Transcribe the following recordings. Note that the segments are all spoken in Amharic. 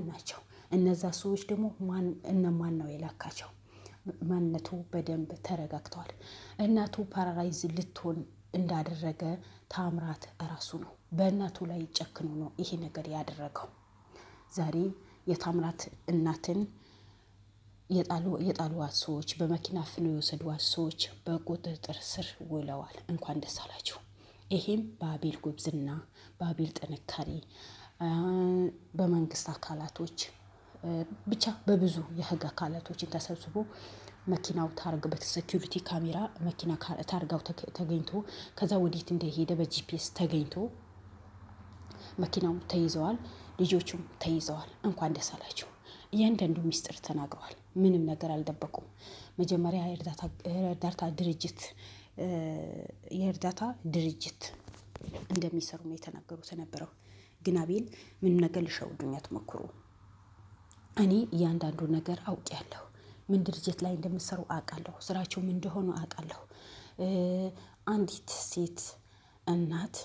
ማን ናቸው? እነዛ ሰዎች ደግሞ እነማን ነው የላካቸው? ማንነቱ በደንብ ተረጋግተዋል። እናቱ ፓራላይዝ ልትሆን እንዳደረገ ታምራት እራሱ ነው። በእናቱ ላይ ጨክኖ ነው ይሄ ነገር ያደረገው። ዛሬ የታምራት እናትን የጣሉዋት ሰዎች፣ በመኪና ፍኖ የወሰዷት ሰዎች በቁጥጥር ስር ውለዋል። እንኳን ደስ አላችሁ። ይሄም በአቤል ጉብዝና፣ በአቤል ጥንካሬ በመንግስት አካላቶች ብቻ በብዙ የህግ አካላቶችን ተሰብስቦ መኪናው ታርግበት ሴኪሪቲ ካሜራ መኪና ታርጋው ተገኝቶ ከዛ ወዴት እንደሄደ በጂፒኤስ ተገኝቶ መኪናው ተይዘዋል፣ ልጆቹም ተይዘዋል። እንኳን ደስ አላቸው። እያንዳንዱ ሚስጥር ተናግረዋል። ምንም ነገር አልደበቁም። መጀመሪያ የእርዳታ ድርጅት የእርዳታ ድርጅት እንደሚሰሩ ነው የተናገሩት የነበረው። ግን አቤል ምንም ነገር ልሸውዱኝ አትሞክሩ። እኔ እያንዳንዱ ነገር አውቅ ያለሁ ምን ድርጅት ላይ እንደምሰሩ አውቃለሁ። ስራቸው ምን እንደሆኑ አውቃለሁ። አንዲት ሴት እናት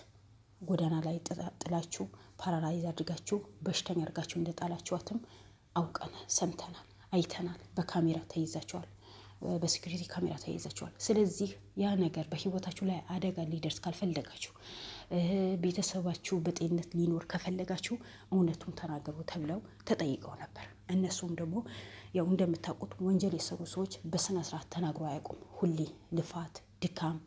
ጎዳና ላይ ጥላችሁ ፓራላይዝ አድርጋችሁ በሽተኛ አድርጋችሁ እንደጣላችኋትም አውቀን ሰምተናል፣ አይተናል። በካሜራ ተይዛችኋል። በሴኩሪቲ ካሜራ ተያይዛችኋል። ስለዚህ ያ ነገር በህይወታችሁ ላይ አደጋ ሊደርስ ካልፈለጋችሁ፣ ቤተሰባችሁ በጤንነት ሊኖር ከፈለጋችሁ እውነቱን ተናገሩ ተብለው ተጠይቀው ነበር። እነሱም ደግሞ ያው እንደምታውቁት ወንጀል የሰሩ ሰዎች በስነ ስርዓት ተናግሮ አያውቁም። ሁሌ ልፋት፣ ድካም፣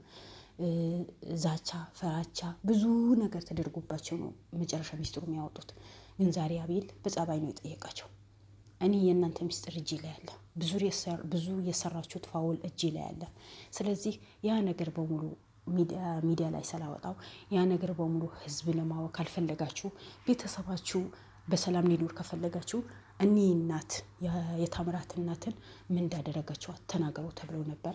ዛቻ፣ ፈራቻ ብዙ ነገር ተደርጎባቸው ነው መጨረሻ ሚስጥሩ የሚያወጡት። ግን ዛሬ አቤል በጸባይ ነው የጠየቃቸው። እኔ የእናንተ ሚስጥር እጅ ላይ አለ፣ ብዙ የሰራችሁት ፋውል እጅ ላይ አለ። ስለዚህ ያ ነገር በሙሉ ሚዲያ ላይ ስላወጣው ያ ነገር በሙሉ ህዝብ ለማወቅ ካልፈለጋችሁ፣ ቤተሰባችሁ በሰላም ሊኖር ከፈለጋችሁ እኒህ እናት የታምራት እናትን ምን እንዳደረጋቸዋት ተናገሩ ተብለው ነበር።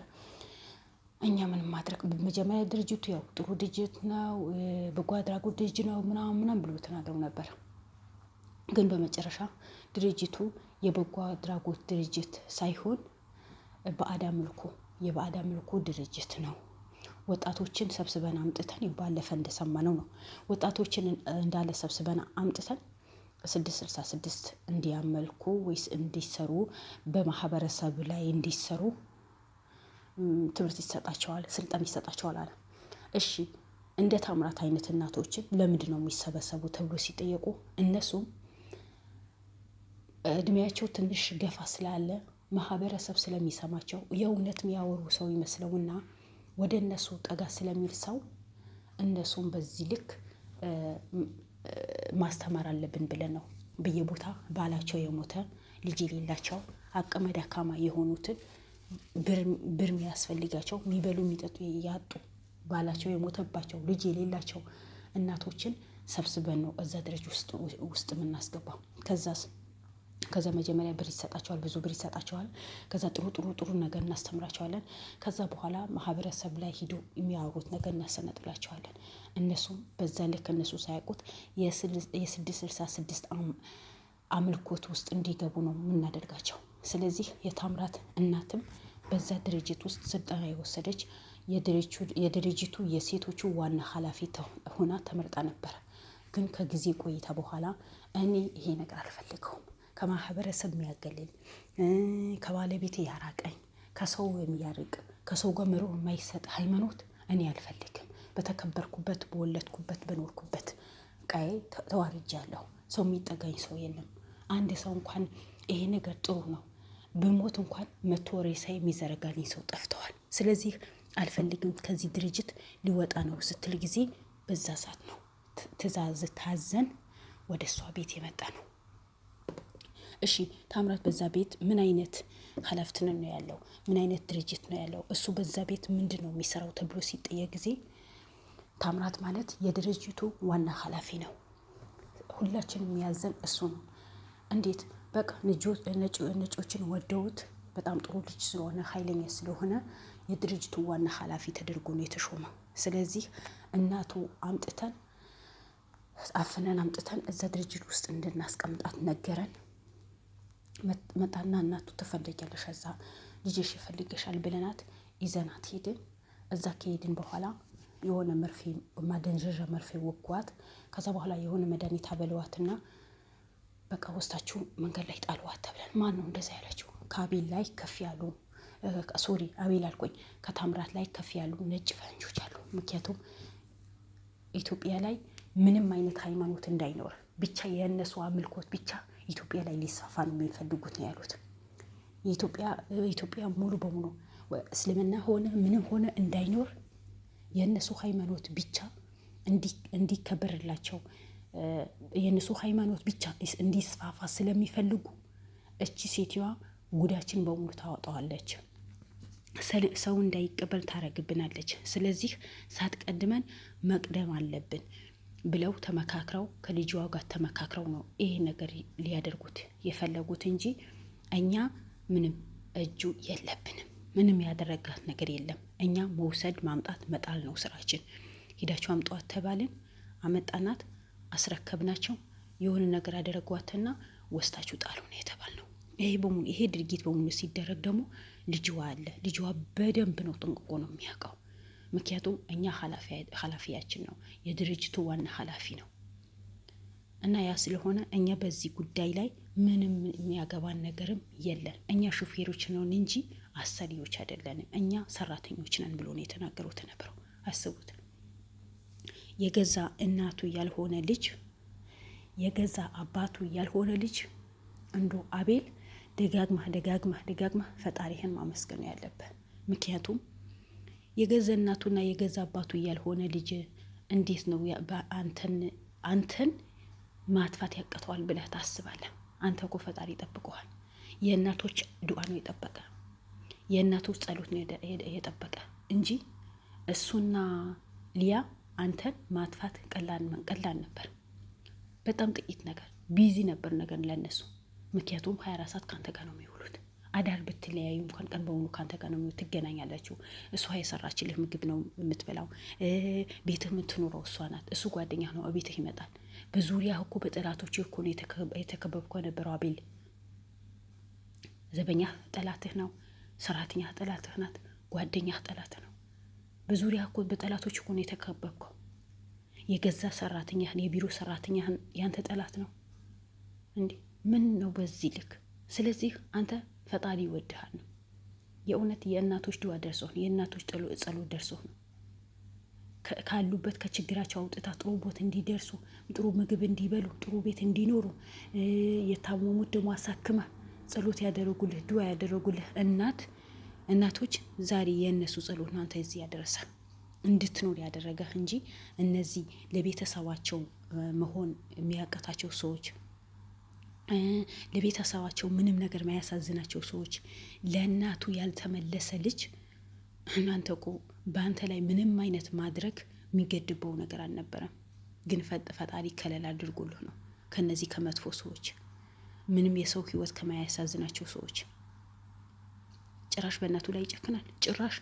እኛ ምን ማድረግ መጀመሪያ ድርጅቱ ያው ጥሩ ድርጅት ነው፣ በጎ አድራጎት ድርጅት ነው ምናምን ምናምን ብሎ ተናግረው ነበር። ግን በመጨረሻ ድርጅቱ የበጎ አድራጎት ድርጅት ሳይሆን በአዳ አምልኮ የባዕድ ምልኮ ድርጅት ነው። ወጣቶችን ሰብስበን አምጥተን ባለፈ እንደሰማነው ነው። ወጣቶችን እንዳለ ሰብስበን አምጥተን ስድስት ስልሳ ስድስት እንዲያመልኩ ወይስ እንዲሰሩ በማህበረሰብ ላይ እንዲሰሩ ትምህርት ይሰጣቸዋል፣ ስልጠን ይሰጣቸዋል አለ። እሺ እንደ ታምራት አይነት እናቶችን ለምንድን ነው የሚሰበሰቡ ተብሎ ሲጠየቁ እነሱም እድሜያቸው ትንሽ ገፋ ስላለ ማህበረሰብ ስለሚሰማቸው የእውነት የሚያወሩ ሰው ይመስለውና ወደ እነሱ ጠጋ ስለሚል ሰው እነሱን በዚህ ልክ ማስተማር አለብን ብለን ነው በየቦታ ባላቸው የሞተ ልጅ የሌላቸው አቅመ ደካማ የሆኑትን ብር የሚያስፈልጋቸው የሚበሉ የሚጠጡ ያጡ ባላቸው የሞተባቸው ልጅ የሌላቸው እናቶችን ሰብስበን ነው እዛ ደረጃ ውስጥ የምናስገባው። ከዛስ ከዛ መጀመሪያ ብር ይሰጣቸዋል፣ ብዙ ብር ይሰጣቸዋል። ከዛ ጥሩ ጥሩ ጥሩ ነገር እናስተምራቸዋለን። ከዛ በኋላ ማህበረሰብ ላይ ሂዶ የሚያወሩት ነገር እናሰነጥላቸዋለን። እነሱም በዛ ልክ እነሱ ሳያውቁት የስድስት ስልሳ ስድስት አምልኮት ውስጥ እንዲገቡ ነው የምናደርጋቸው። ስለዚህ የታምራት እናትም በዛ ድርጅት ውስጥ ስልጠና የወሰደች የድርጅቱ የሴቶቹ ዋና ኃላፊ ሆና ተመርጣ ነበረ። ግን ከጊዜ ቆይታ በኋላ እኔ ይሄ ነገር አልፈልገውም ከማህበረሰብ የሚያገለኝ ከባለቤት ያራቀኝ ከሰው የሚያርቅ ከሰው ጋር ምሮ የማይሰጥ ሃይማኖት እኔ አልፈልግም። በተከበርኩበት በወለድኩበት በኖርኩበት ቀይ ተዋርጃለሁ። ሰው የሚጠጋኝ ሰው የለም። አንድ ሰው እንኳን ይሄ ነገር ጥሩ ነው ብሞት እንኳን መቶ ሬሳ የሚዘረጋልኝ ሰው ጠፍተዋል። ስለዚህ አልፈልግም ከዚህ ድርጅት ሊወጣ ነው ስትል ጊዜ በዛ ሰዓት ነው ትዕዛዝ ታዘን ወደ እሷ ቤት የመጣ ነው። እሺ ታምራት በዛ ቤት ምን አይነት ኃላፊነት ነው ያለው? ምን አይነት ድርጅት ነው ያለው? እሱ በዛ ቤት ምንድን ነው የሚሰራው ተብሎ ሲጠየቅ ጊዜ ታምራት ማለት የድርጅቱ ዋና ኃላፊ ነው። ሁላችንም የሚያዘን እሱ ነው። እንዴት በቃ ነጮችን ወደውት በጣም ጥሩ ልጅ ስለሆነ ኃይለኛ ስለሆነ የድርጅቱ ዋና ኃላፊ ተደርጎ ነው የተሾመ። ስለዚህ እናቱ አምጥተን አፍነን አምጥተን እዛ ድርጅት ውስጥ እንድናስቀምጣት ነገረን። መጣና እናቱ ትፈልጊያለሽ እዛ ልጅሽ ይፈልግሻል ብለናት ይዘናት ሄድን። እዛ ከሄድን በኋላ የሆነ መርፌ ማደንዣዣ መርፌ ወጓት። ከዛ በኋላ የሆነ መድኃኒት አበልዋትና በቃ ወስታችሁ መንገድ ላይ ጣልዋት ተብለን። ማን ነው እንደዛ ያለችው? ከአቤል ላይ ከፍ ያሉ ሶሪ፣ አቤል አልኩኝ። ከታምራት ላይ ከፍ ያሉ ነጭ ፈረንጆች አሉ። ምክንያቱም ኢትዮጵያ ላይ ምንም አይነት ሃይማኖት እንዳይኖር ብቻ የእነሱ አምልኮት ብቻ ኢትዮጵያ ላይ ሊስፋፋ ነው የሚፈልጉት ነው ያሉት። ኢትዮጵያ ሙሉ በሙሉ እስልምና ሆነ ምንም ሆነ እንዳይኖር የእነሱ ሃይማኖት ብቻ እንዲከበርላቸው የእነሱ ሃይማኖት ብቻ እንዲስፋፋ ስለሚፈልጉ እቺ ሴትዮዋ ጉዳችን በሙሉ ታወጣዋለች፣ ሰው እንዳይቀበል ታረግብናለች። ስለዚህ ሳትቀድመን መቅደም አለብን። ብለው ተመካክረው ከልጅዋ ጋር ተመካክረው ነው ይህ ነገር ሊያደርጉት የፈለጉት እንጂ እኛ ምንም እጁ የለብንም። ምንም ያደረጋት ነገር የለም። እኛ መውሰድ ማምጣት መጣል ነው ስራችን። ሂዳችሁ አምጧት ተባልን፣ አመጣናት፣ አስረከብናቸው። የሆነ ነገር አደረጓትና ወስታችሁ ጣሉ ነው ይሄ በሙሉ ይሄ ድርጊት በሙሉ ሲደረግ ደግሞ ልጅዋ አለ። ልጅዋ በደንብ ነው ጥንቅቆ ነው የሚያውቀው። ምክንያቱም እኛ ኃላፊያችን ነው፣ የድርጅቱ ዋና ኃላፊ ነው እና ያ ስለሆነ እኛ በዚህ ጉዳይ ላይ ምንም የሚያገባን ነገርም የለን። እኛ ሹፌሮች ነን እንጂ አሰሪዎች አይደለንም። እኛ ሰራተኞች ነን ብሎ ነው የተናገሩት ነበረው። አስቡት፣ የገዛ እናቱ ያልሆነ ልጅ፣ የገዛ አባቱ ያልሆነ ልጅ እንዶ አቤል ደጋግማ ደጋግማ ደጋግማ ፈጣሪህን ማመስገን ያለብህ ምክንያቱም የገዛ እናቱና የገዛ አባቱ ያልሆነ ልጅ እንዴት ነው አንተን አንተን ማጥፋት ያቅተዋል ብለህ ታስባለህ? አንተ እኮ ፈጣሪ ይጠብቀዋል። የእናቶች ዱዓ ነው የጠበቀ፣ የእናቶች ጸሎት ነው የጠበቀ እንጂ እሱና ሊያ አንተን ማጥፋት ቀላል ነበር። በጣም ጥቂት ነገር ቢዚ ነበር ነገር ለነሱ ምክንያቱም ሀያ አራት ሰዓት ከአንተ ጋር ነው የሚውሉት። አዳር ብትለያዩ እንኳን ቀን በሙሉ ከአንተ ጋር ነው ትገናኛላችሁ። እሷ የሰራችልህ ምግብ ነው የምትበላው። ቤትህ የምትኖረው እሷ ናት። እሱ ጓደኛ ነው፣ ቤትህ ይመጣል። በዙሪያ እኮ በጠላቶች እኮ ነው የተከበብከው ነበረው። አቤል ዘበኛ ጠላትህ ነው። ሰራተኛ ጠላትህ ናት። ጓደኛ ጠላት ነው። በዙሪያ እኮ በጠላቶች እኮ ነው የተከበብከው። የገዛ ሰራተኛህን የቢሮ ሰራተኛህን ያንተ ጠላት ነው እንዴ? ምን ነው በዚህ ልክ። ስለዚህ አንተ ፈጣሪ ይወድሃል ነው። የእውነት የእናቶች ድዋ ደርሶ ነው። የእናቶች ጸሎት ደርሶ ነው። ካሉበት ከችግራቸው አውጥታ ጥሩ ቦታ እንዲደርሱ፣ ጥሩ ምግብ እንዲበሉ፣ ጥሩ ቤት እንዲኖሩ፣ የታመሙት ደግሞ አሳክማ ጸሎት ያደረጉልህ ድዋ ያደረጉልህ እናት እናቶች ዛሬ የእነሱ ጸሎት ነው አንተ እዚህ ያደረሰ እንድትኖር ያደረገህ እንጂ እነዚህ ለቤተሰባቸው መሆን የሚያቀታቸው ሰዎች ለቤተሰባቸው ምንም ነገር ማያሳዝናቸው ሰዎች፣ ለእናቱ ያልተመለሰ ልጅ እናንተ ቁ በአንተ ላይ ምንም አይነት ማድረግ የሚገድበው ነገር አልነበረም። ግን ፈጣሪ ከለል አድርጎልህ ነው ከነዚህ ከመጥፎ ሰዎች፣ ምንም የሰው ህይወት ከማያሳዝናቸው ሰዎች። ጭራሽ በእናቱ ላይ ይጨክናል። ጭራሽ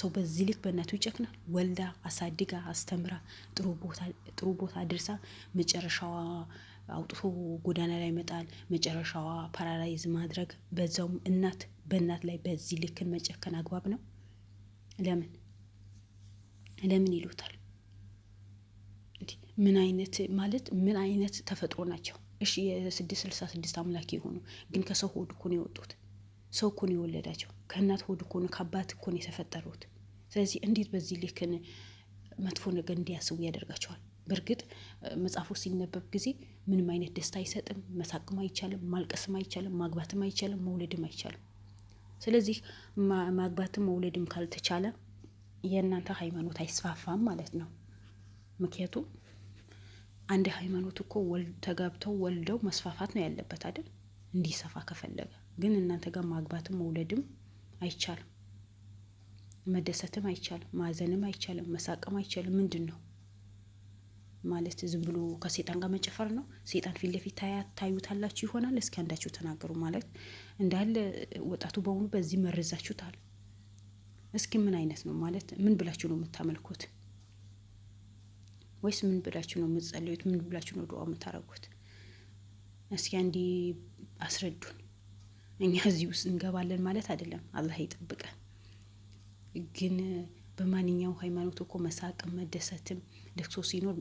ሰው በዚህ ልክ በእናቱ ይጨክናል። ወልዳ አሳድጋ አስተምራ ጥሩ ቦታ ድርሳ መጨረሻዋ አውጥቶ ጎዳና ላይ መጣል፣ መጨረሻዋ ፓራላይዝ ማድረግ፣ በዛውም እናት በእናት ላይ በዚህ ልክን መጨከን አግባብ ነው? ለምን ለምን ይሉታል? ምን አይነት ማለት ምን አይነት ተፈጥሮ ናቸው? እሺ የስድስት ስልሳ ስድስት አምላክ የሆኑ ግን ከሰው ሆድ እኮ ነው የወጡት። ሰው እኮ ነው የወለዳቸው። ከእናት ሆድ እኮ ነው ከአባት እኮ ነው የተፈጠሩት። ስለዚህ እንዴት በዚህ ልክን መጥፎ ነገር እንዲያስቡ ያደርጋቸዋል? በእርግጥ መጽሐፉ ሲነበብ ጊዜ ምንም አይነት ደስታ አይሰጥም። መሳቅም አይቻልም፣ ማልቀስም አይቻልም፣ ማግባትም አይቻልም፣ መውለድም አይቻልም። ስለዚህ ማግባትም መውለድም ካልተቻለ የእናንተ ሃይማኖት አይስፋፋም ማለት ነው። ምክንያቱም አንድ ሃይማኖት እኮ ተጋብተው ወልደው መስፋፋት ነው ያለበት አይደል? እንዲሰፋ ከፈለገ ግን እናንተ ጋር ማግባትም መውለድም አይቻልም፣ መደሰትም አይቻልም፣ ማዘንም አይቻልም፣ መሳቅም አይቻልም። ምንድን ነው ማለት ዝም ብሎ ከሴጣን ጋር መጨፈር ነው። ሴጣን ፊት ለፊት ታዩታላችሁ ይሆናል። እስኪ አንዳችሁ ተናገሩ ማለት እንዳለ ወጣቱ በሙሉ በዚህ መርዛችሁታል። እስኪ ምን አይነት ነው ማለት ምን ብላችሁ ነው የምታመልኩት? ወይስ ምን ብላችሁ ነው የምትጸልዩት? ምን ብላችሁ ነው ድዋ የምታረጉት? እስኪ አንዲ አስረዱን። እኛ እዚህ ውስጥ እንገባለን ማለት አይደለም። አላህ ይጠብቀን ግን በማንኛውም ሃይማኖት እኮ መሳቅም መደሰትም፣ ለቅሶ ሲኖር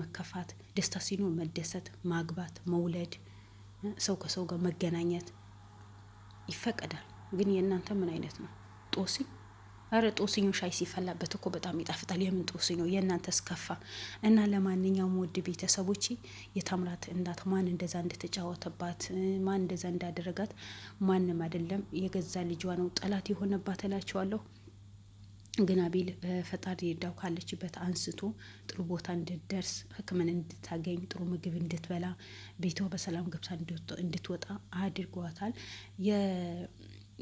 መከፋት፣ ደስታ ሲኖር መደሰት፣ ማግባት፣ መውለድ፣ ሰው ከሰው ጋር መገናኘት ይፈቀዳል። ግን የእናንተ ምን አይነት ነው? ጦስኝ አረ ጦስኞ ሻይ ሲፈላበት እኮ በጣም ይጣፍጣል። የምን ጦስኝ ነው? የእናንተ ስከፋ እና ለማንኛውም ውድ ቤተሰቦች የታምራት እናት ማን እንደዛ እንደተጫወተባት ማን እንደዛ እንዳደረጋት ማንም አይደለም፣ የገዛ ልጇ ነው ጠላት የሆነባት እላችኋለሁ። ግን አቤል ፈጣሪ ይርዳው ካለችበት አንስቶ ጥሩ ቦታ እንድትደርስ ህክምን እንድታገኝ ጥሩ ምግብ እንድትበላ ቤቷ በሰላም ገብታ እንድትወጣ አድርጓታል።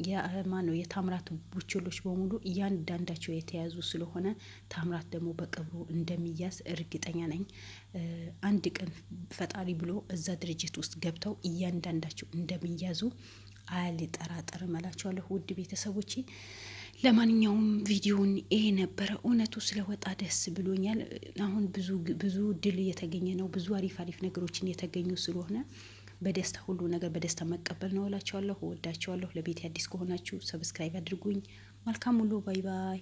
የማን ነው የታምራት ቡችሎች በሙሉ እያንዳንዳቸው የተያዙ ስለሆነ ታምራት ደግሞ በቅብሩ እንደሚያዝ እርግጠኛ ነኝ። አንድ ቀን ፈጣሪ ብሎ እዛ ድርጅት ውስጥ ገብተው እያንዳንዳቸው እንደሚያዙ አልጠራጠርም እላቸዋለሁ ውድ ቤተሰቦቼ። ለማንኛውም ቪዲዮን ይሄ ነበረ። እውነቱ ስለወጣ ደስ ብሎኛል። አሁን ብዙ ብዙ ድል እየተገኘ ነው። ብዙ አሪፍ አሪፍ ነገሮችን እየተገኙ ስለሆነ በደስታ ሁሉ ነገር በደስታ መቀበል ነው እላቸዋለሁ። እወዳቸዋለሁ። ለቤት አዲስ ከሆናችሁ ሰብስክራይብ አድርጉኝ። መልካም ሁሉ። ባይ ባይ።